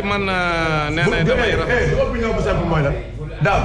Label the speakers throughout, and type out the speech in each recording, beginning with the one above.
Speaker 1: ci man euh, nee na damay rafetlu bu eh, opinion bu simple mooy la daal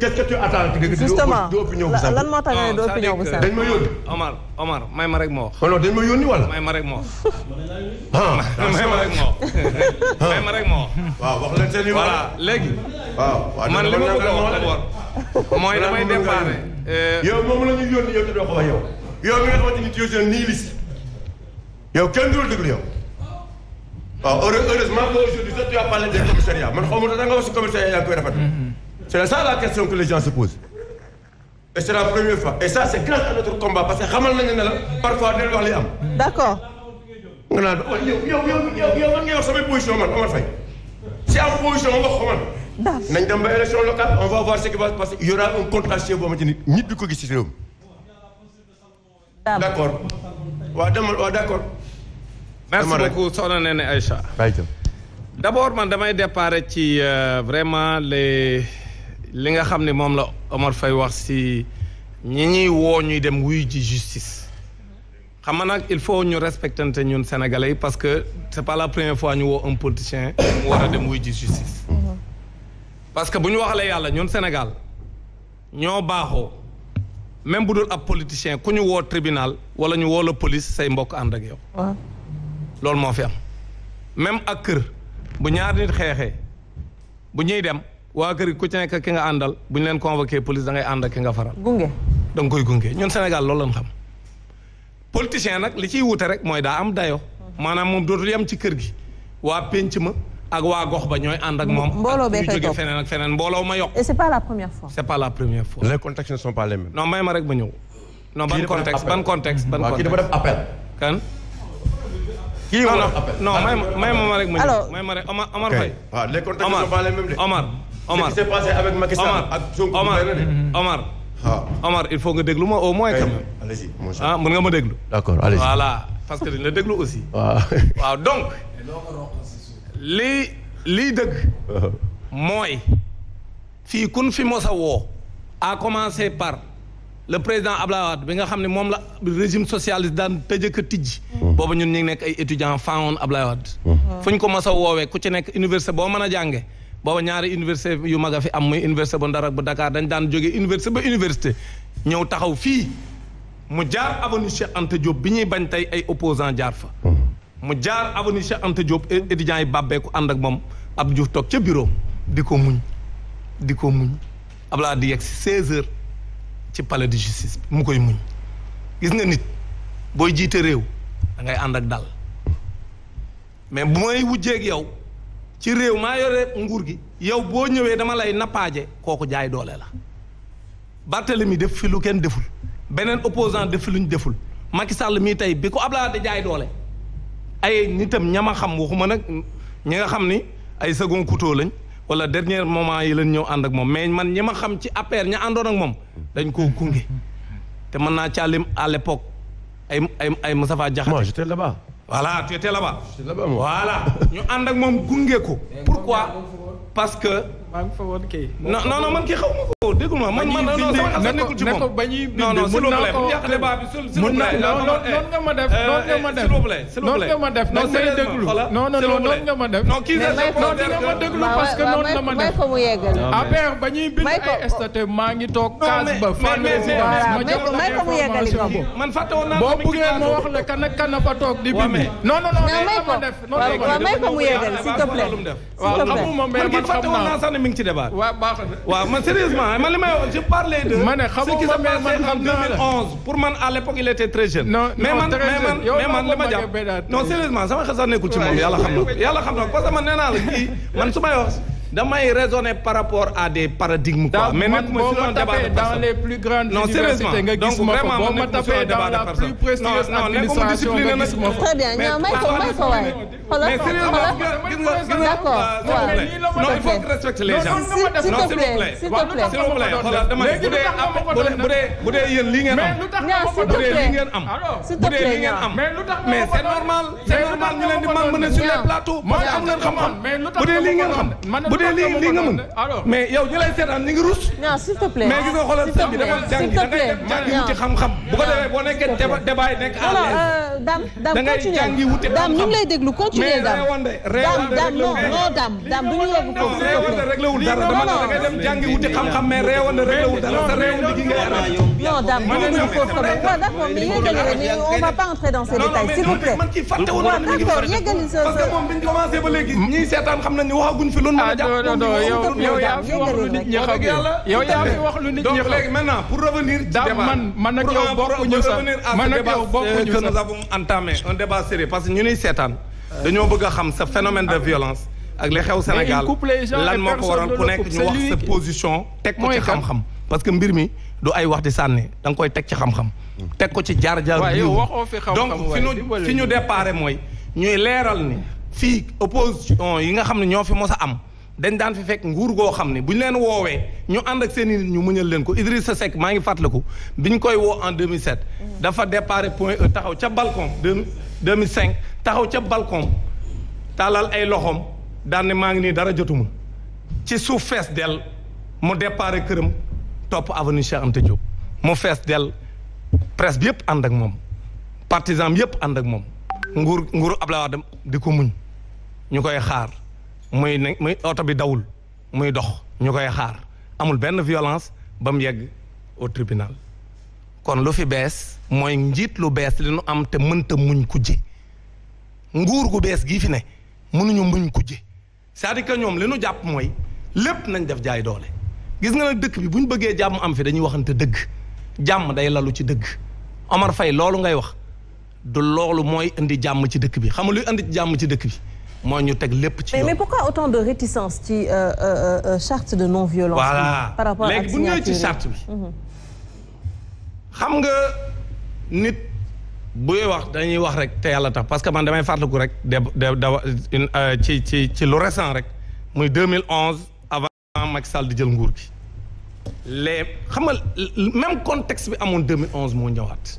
Speaker 1: qu'est-ce que tu attends que justement lan moo tax nga ne du opinion euh, may ma rek ma a wax d'abord mooy euh, yow moom la ñuy yow te doo ko yow yow mi nga xamante ni tu yow kenn du la waaw heureusement qu'aujourd'hui tu as parlé des commissariats man xaw ma da nga wax si yaa ngi koy rafetlu. Mm-hmm. c'est ça la question que les gens se posent. et c'est la première fois et parce que xamal nañu ne parfois day wax am. d'accord. nga naan oh, yow yow yow yow position man Omar Faye si am position wax ko man. nañ dem ba élection locale on va voir ce qui va se il y aura un contentieux boo xamante ni nit ñi ko gis ci réew mi. d'accord waaw demal waaw d'accord. merci beaucoup soxna Nene Aïcha d' abord man damay déparé ci euh, vraiment les li nga xam ne moom la Omar fay wax si ñi ñi woo ñuy dem wuy ji justice xam nga nag il faut ñu respectante ñun sénégalais yi parce que c' est pas la première fois ñu woo un politicien mu war a dem wuy ji justice parce que bu ñu waxalee yàlla ñun Sénégal ñoo baaxoo même bu dul ab politicien ku ñu woo tribunal wala ñu woo la police say mbokk ànd ak yow loolu moo fi am même ak kër bu ñaar nit xeexee bu ñuy dem waa kër ku ci nekk ki nga àndal bu ñu leen convoqué police da ngay ànd ak ki nga faral. gunge da nga koy gunge ñun Sénégal loolu lañ xam. politicien nag li ciy wute rek mooy daa am dayo maanaam moom dootul yem ci kër gi waa penc ma ak waa gox ba ñooy ànd ak moom. mbooloo bee koy jóge ma yokk. et c'est pas la première fois. c'est pas la première fois. les contextes ne sont pas les mêmes. non may ma rek ma ñëw. non ban contexte ban contexte ban contexte. waaw kii dafa def appel. kan.
Speaker 2: kii wala appel non non may ma ma rek ma ñëw
Speaker 1: may ma ah, rek Omar Omar Faye. waaw les contacts sont pas les mêmes de. Omar Omar ce qui s'est passé avec Macky Sall ak Sonko Omar Omar. Ah. Omar il faut nga déglu ma au moins. Eh, quand même allez-y ah mën nga ma déglu. d'accord allez-y voilà parce que dañ la déglu aussi. waaw ah. waaw donc. lii lii dëgg. mooy. fii kun fi mos a woo. à commencer par. le président Abdoulaye Wade bi nga xam ne moom la régime socialiste daan tëjëk a tijji booba ñun ñu ngi nekk ay étudiants faawoon Abdoulaye Wade fu ñu ko mas a woowee ku ci nekk université boo mën a jànge booba ñaari université yu mag fi am muy université bu Ndar ak bu Dakar dañ daan jógee université ba université ñëw taxaw fii mu jaar avenue Cheikh Anta bi ñuy bañ tey ay opposant jaar fa mu jaar avenue Cheikh Anta Diop e- yi bàbbeeku ànd ak moom Abdou Diouf toog ca bureau di ko muñ di ko muñ Abdoulaye di yegg si 16 heures ci palais de justice mu koy muñ gis nga nit booy jiite réew dangay ànd ak dal mais bu may wujjeeg yow ci réew maa yore nguur gi yow boo ñëwee dama lay nappaaje kooku jaay doole la Barthélemy def fi lu kenn deful beneen opposant def fi lu ñu deful Macky Sall mii tey bi ko Abdoulaye de jaay doole ay nitam ñama xam waxuma nag ñi nga xam ni ay second couteau lañ wala dernier moment yi lañ ñëw ànd moom mais man ñi ma xam ci APR ña àndoon moom dañ koo gunge te mën naa caalim à l'époque ay ay ay Moustapha Diakhaté. moi j'étais là-bas. voilà tu étais ñu ànd moom gunge ko. pourquoi parce que. maa ngi fa woon kay. man kii xaw ma ko déggul ma man man non sama xam nekkul ci moom ba ñuy bind mën naa ko mën naa nga ma def noonu nga ma def noonu nga ma def noonu may déglu non non non noonu nga ma def non kii non di nga ma déglu parce que noonu nga ma def affaire ba ñuy bind ay statut maa ngi toog kaas ba fenn ma jox information man fàtte woon naa boo buggee ma wax la kan ak kan fa toog di bind non non non noonu nga ma def may ko mu yeggali s'il te plaît ne mi ngi ci débat. waaw baax na waaw man sérieusement man li may wax je parlais de. ma ne xamoo ma man xam ma jàpp non sérieusement sama xel sax ci moom yàlla xam na yàlla xam na parce que man la kii man su may wax. damay raisonner par rapport à des paradigmes quoi. mais ma tapé dans les plus grandes universités nga gis ma ko boo ma xoolal xoolal d'accord waaw non il faut respecter les gens. s'il te plaît s'il te plaît s'il te plaît xoolal dama ne bu dee bu dee bu dee yéen lii ngeen am. ñaar s'il te plaît bu dee lii ngeen am. bu dee lii ngeen am mais c'est normal c'est normal ñu leen di mën mën a sur les plateaux. mooy am ngeen xam-xam bu dee lii ngeen xam bu dee lii lii nga mën mais yow ñu lay seetaan ñu ngi rus. ñaar s'il te plaît mais gis nga xoolal sëñ bi dafa jàngi da ngay jàngi wuti xam-xam. bu ko defee boo nekkee débat yi nekk à l'aise. da ngay jàngi wuti xam-xam ci lay dam dam non non dam dam du ñu yóbbu ko réglewul dara dama ne dangay dem jàngi wuti xam-xam mais réewande réglewul dara te réew mi gi ngay non dam dugguñu foofu quand même waaw d'accord mais yégali rek on va pas entrer dans ces détails s'il vous plaît man ci fàttewu na d'accord yégali sa parce que moom bi ñu commencé ba léegi ñii seetaan xam nañu waxaguñ fi lu ñu mën a jàpp non non yow yaa fi wax lu nit ñi xam yow yaa fi wax lu nit ñi xam donc léegi maintenant pour revenir dam man man ak yow bokkuñu sax man ak yow bokkuñu sax que nous avons entamé un débat sérieux parce que ñu ñuy seetaan dañoo bëgg a xam sa phénomène de ah, violence. ak li xew Sénégal lan moo ko waral ku nekk ñu wax sa position. teg ko ci xam-xam parce que mbir mi du ay wax di sànni danga koy teg ci xam-xam. teg ko ci jaar-jaar donc fi ñu fi ñu déparé mooy ñuy leeral ni fii opposition yi nga xam ne ñoo fi mos a am. dañ daan fi fekk nguur goo xam ne bu ñu leen woowee ñu ànd ak seen i nit ñu muñal leen ko sa Seck maa ngi fàttale ko bi ñu koy woo en 2007. Mm. dafa déparé point e taxaw ca balcon deux 2005 taxaw ca balcon taalal ay loxoom daan maa ngi nii dara jotumu ci suuf fees del mu depare këram topp avenue Cheikh Anta Diop mu fees del presse bi yëpp ànd ak moom partisan bi yëpp ànd ak moom nguur nguuru Abdoulaye Wade di ko muñ ñu koy xaar muy ne muy oto bi dawul muy dox ñu koy xaar amul benn violence ba mu yegg au tribunal kon lu fi bees mooy njiit lu bees li nu am te mënta muñ kujje nguur gu bees gii fi ne mënuñu muñ kujje c'est-à-dire que ñoom li nu jàpp mooy lépp nañ def jaay doole gis nga nag dëkk bi bu ñu bëggee jàmm am fi dañuy waxante dëgg jàmm day lalu ci dëgg Omar fay loolu ngay wax du loolu mooy indi jàmm ci dëkk bi xam nga luy indi jàmm ci dëkk bi mooy ñu teg lépp ci yoon. mais ci euh, euh, euh, charte de non violence. voilà par rapport ak bi. Mhm. xam nga nit. buy wax dañuy wax rek te yàlla tax parce que man damay ku rek de de euh, ci ci ci lu récent rek muy 2011 avant Macky Sall di jël nguur gi les xamal nga même contexte bi amoon 2011 moo ñëwaat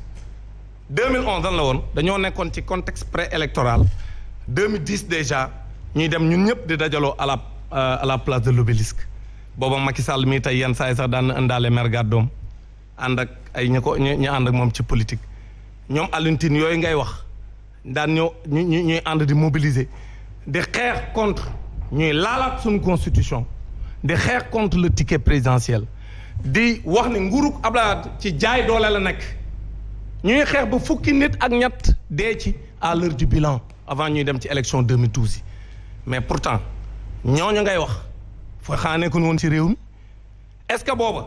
Speaker 1: 2011 dan la woon dañoo nekkoon ci contexte préélectoral 2010 déjà ñuy dem ñun ñëpp di dajaloo à la euh, à la place de l'obélisque booba Macky mii tey yenn saa sax daan na indaale mer gàddoom ànd ak ay ñu ko ñu ànd ak moom ci politique. ñoom alluntine yooyu ngay wax daan ñoo ñu ñu ñuy ànd di mobiliser di xeex contre ñuy laalaat suñu constitution di xeex contre le ticket présidentiel di wax ni nguurug Abdoulaye ci jaay doole la nekk ñuy xeex ba fukki nit ak ñett dee ci à l'heure bilan avant ñuy dem ci élection 2012 yi mais pourtant ñooñu ngay wax foo xaanee ko woon ci réew mi est-ce que booba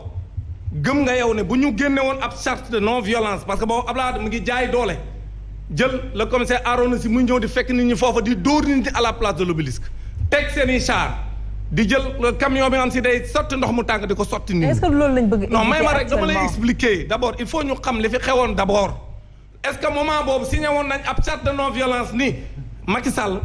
Speaker 1: gëm nga yow ne bu ñu génne woon ab charte de non violence parce que boobu Abdoulaye mu ngi jaay doole jël le commissaire Arona Sy muy ñëw di fekk nit ñi foofa di dóor nit ñi à la place de l'obélisque teg seen i di jël camion bi nga si day sotti ndox mu tàng di ko sotti nii. est-ce que loolu lañ bëgg non may ma rek dama lay expliquer d'abord il faut ñu xam li fi xewoon d'abord est-ce que moment boobu signé woon nañ ab charte de non violence ni Macky Sall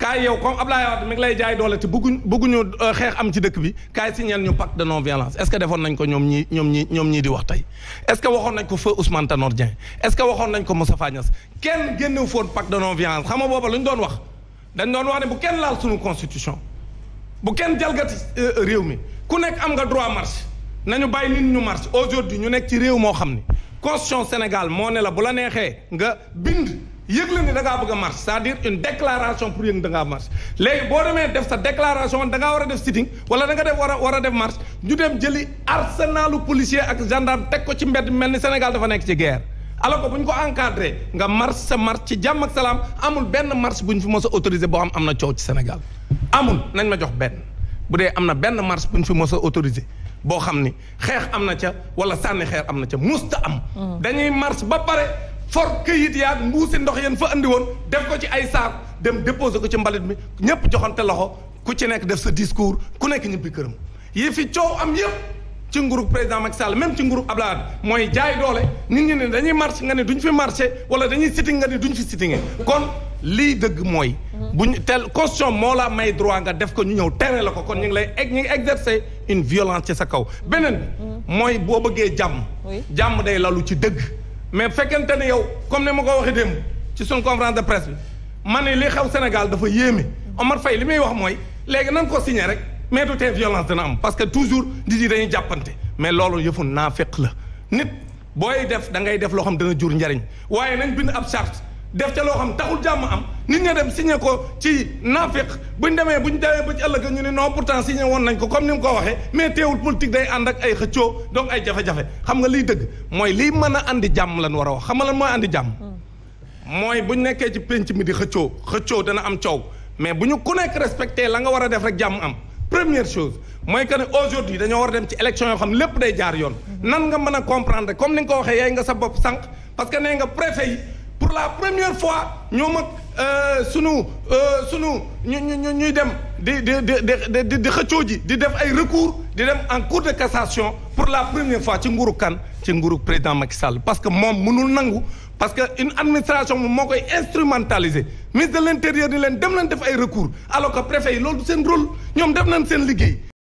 Speaker 1: kaay yow comme Ablaye Wade mi ngi lay jaay doole te bëgguñ bëgguñu euh, xeex am ci dëkk bi kaay si ñeen ñu pacte de non violence est ce que defoon nañ ko ñoom ñi ñoom ñi ñoom ñii di wax tey est ce que waxoon nañ ko feu Ousmane Tanor Dieng est ce que waxoon nañ ko Moustapha Niasse kenn génnew foon pacte de non violence xam nga booba lu ñu doon wax dañ doon wax ne bu kenn laal suñu constitution bu kenn jalgati euh, réew mi ku nekk am nga droit marche nañu bàyyi nit ñu marche aujourd'hui ñu nekk ci réew moo xam ni constitution Sénégal moo ne la bu la neexee nga bind yëg ni da ngaa bëgg a marche c'est-à-dire une déclaration pour yëg da ngaa marche léegi boo demee def sa déclaration da ngaa war a def sitting wala da nga def war a war a def marche ñu dem jëli arsenalu policier ak gendarme teg ko ci mbedd mel ni Sénégal dafa nekk ci guerre alors que bu ñu ko encadré nga marche sa marche ci jàmm ak salaam amul benn marche bu ñu fi mos autorisé boo xam am na coow ci Sénégal amul nañ ma jox benn bu dee am na benn marche bu ñu fi mos a boo xam ni xeex am na ca wala sànni xeex am na ca musta am mm. dañuy marche ba pare for këyit yaag mbuusi ndox yéen fa andi woon def ko ci ay saako dem déposé ko ci mbalit mi ñëpp joxante loxo ku ci nekk def sa discours ku nekk ñibbi këram yi fi coow am yëpp. ci nguuru président Macky Sall même ci nguuru Abdoulaye mooy jaay doole nit ñi ne dañuy marché nga ne duñ fi marché wala dañuy siti nga ne duñ fi siti nga kon lii dëgg mooy. bu ñu tel constitution moo la may droit nga def ko ñu ñëw tere la ko kon ñu ngi lay ñu ngi exercer une violence ci sa kaw. beneen mooy boo bëggee jàmm. jàmm day lalu ci dëgg. mais fekkente ne yow comme ne ma ko waxee démb ci suñ conférence de presse bi ma ne li xew Sénégal dafa yéeme Omar fay li muy wax mooy léegi nan ko signé rek mais du tee violence dana am parce que toujours nit ñi dañuy jàppante mais loolu naa naafeq la nit booy def da ngay def loo xam dana jur njariñ waaye nañ bind ab charte def ca loo xam taxul jàmm am nit ña dem signé ko ci bu ñu demee buñ demee ba ci ëllëg ñu ne non pourtant woon nañ ko comme ni mu ko waxee mais teewul politique day ànd ak ay xëccoo donc ay jafe-jafe xam nga liy dëgg mooy liy mën a andi jàmm lan war a wax xam nga lan mooy andi jàmm. Mm. mooy buñ nekkee ci penc mi di xëccoo xëccoo dana am coow mais bu ñu ku nekk respecté la nga war a def rek jàmm am. première chose mooy que ne aujourd'hui dañoo war dem ci élection yoo xam lépp day jaar yoon. Mm-hmm. nan nga mën a comprendre comme ni ko waxee yaay nga sa bopp sànq parce que nee nga préfet yi. pour la première fois ñoo mag euh, sunu euh, sunu ñu ñu ñuy dem di di di di di xëccoo ji di def ay recours di dem en cour de cassation pour la première fois ci nguru kan ci nguuru président Macky Sall parce que moom mënul nangu parce que une administration moom moo koy instrumentaliser ministre de l'intérieur ni leen dem leen def ay recours alors que préfet yi loolu seen rôle ñoom def nañ seen liggéey.